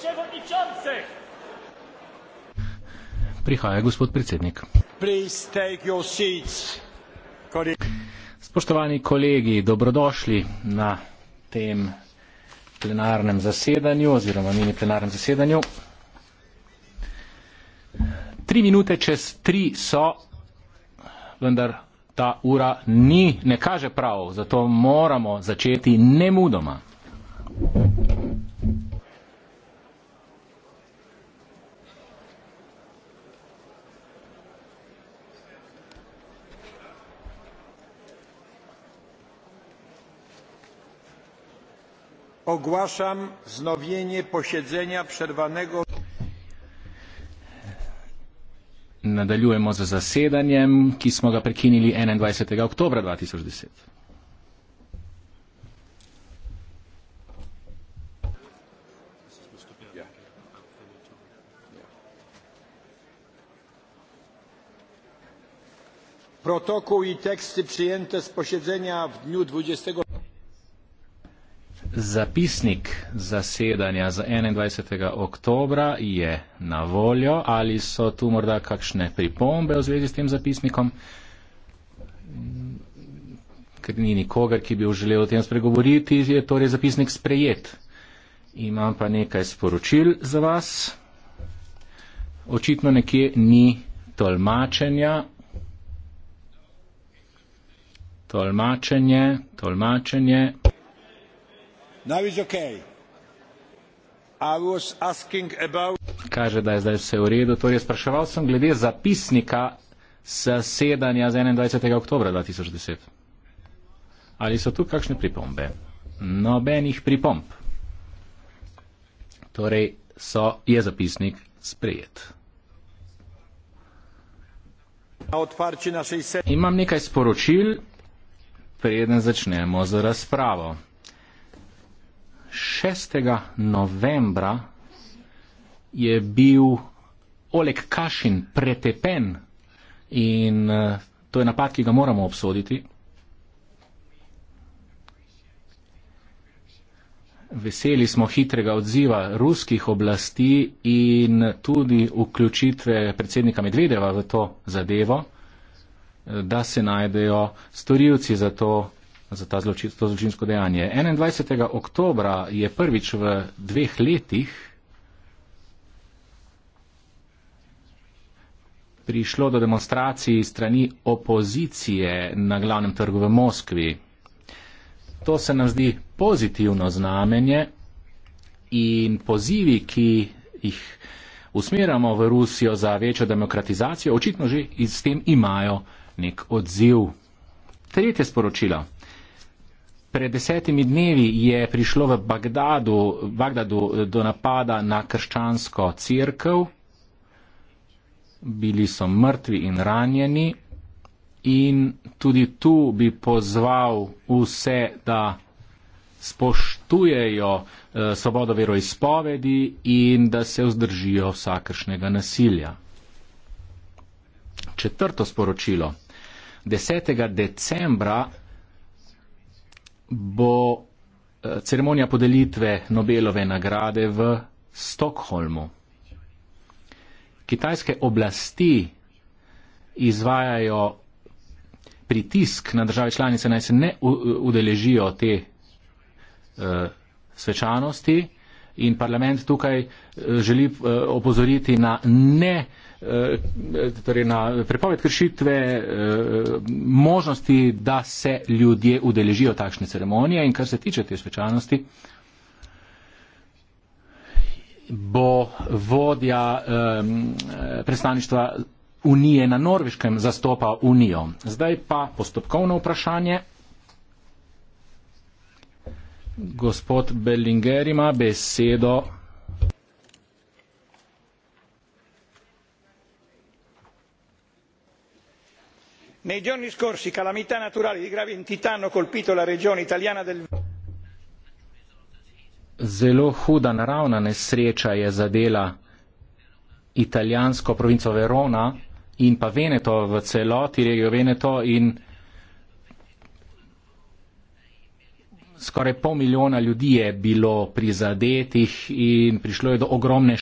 przewodniczących. Prichaja gospod predsednik. Spoštovani kolegi, dobrodošli na tem plenarnem zasedanju oziroma mini plenarnem zasedanju. Tri minute čez tri so, vendar ta ura ni, ne kaže prav, zato moramo začeti nemudoma. ogłaszam wznowienie posiedzenia przerwanego nadaljujemo z zasedanjem ki smo ga prekinili enaindvajsetega oktobra dva tisoč deset protokół i teksty przyjęte z posiedzenia w dniu dwudziestego Zapisnik zasedanja za 21. oktobra je na voljo. Ali so tu morda kakšne pripombe v zvezi s tem zapisnikom? Ker ni nikogar, ki bi želel o tem spregovoriti, je torej zapisnik sprejet. Imam pa nekaj sporočil za vas. Očitno nekje ni tolmačenja. Tolmačenje, tolmačenje. Kaže, da je zdaj vse v redu. Torej, spraševal sem glede zapisnika zasedanja z 21. oktober 2010. Ali so tu kakšne pripombe? Nobenih pripomb. Torej, so, je zapisnik sprejet. Imam nekaj sporočil, preden začnemo z razpravo. 6. novembra je bil Oleg Kašin pretepen in eh, to je napad, ki ga moramo obsoditi. Veseli smo hitrega odziva ruskih oblasti in tudi vključitve predsednika Medvedeva v to zadevo, eh, da se najdejo storilci za to za ta zločin, to zločinsko dejanje. 21. oktober je prvič v dveh letih prišlo do demonstracij strani opozicije na glavnem trgu v Moskvi. To se nam zdi pozitivno znamenje in pozivi, ki jih usmeramo v Rusijo za večjo demokratizacijo, očitno že s tem imajo nek odziv. Tretje sporočilo. Pred desetimi dnevi je prišlo v Bagdadu, Bagdadu eh, do napada na krščansko crkv. Bili so mrtvi in ranjeni. In tudi tu bi pozval vse, da spoštujejo eh, svobodo veroizpovedi in da se vzdržijo vsakršnega nasilja. Četrto sporočilo. 10. decembra bo eh, ceremonija podelitve Nobelove nagrade v Stokholmu. Kitajske oblasti izvajajo pritisk na države članice, naj se ne udeležijo te uh, svečanosti, uh, In parlament tukaj eh, želi eh, opozoriti na ne, eh, torej na prepoved kršitve možnosti, da se ljudje udeležijo takšne ceremonije in kar se tiče te svečanosti, bo vodja predstavništva Unije na Norveškem zastopal Unijo. Zdaj pa postopkovno vprašanje. Gospod Bellinger ima besedo. Nei giorni scorsi calamità naturali di grave entità hanno colpito la regione italiana del. Zelo huda naravna nesreča je zadela italijansko provinco Verona in pa Veneto v celoti regijo Veneto in. skoraj pol milijona ljudi je bilo prizadetih in prišlo je do ogromne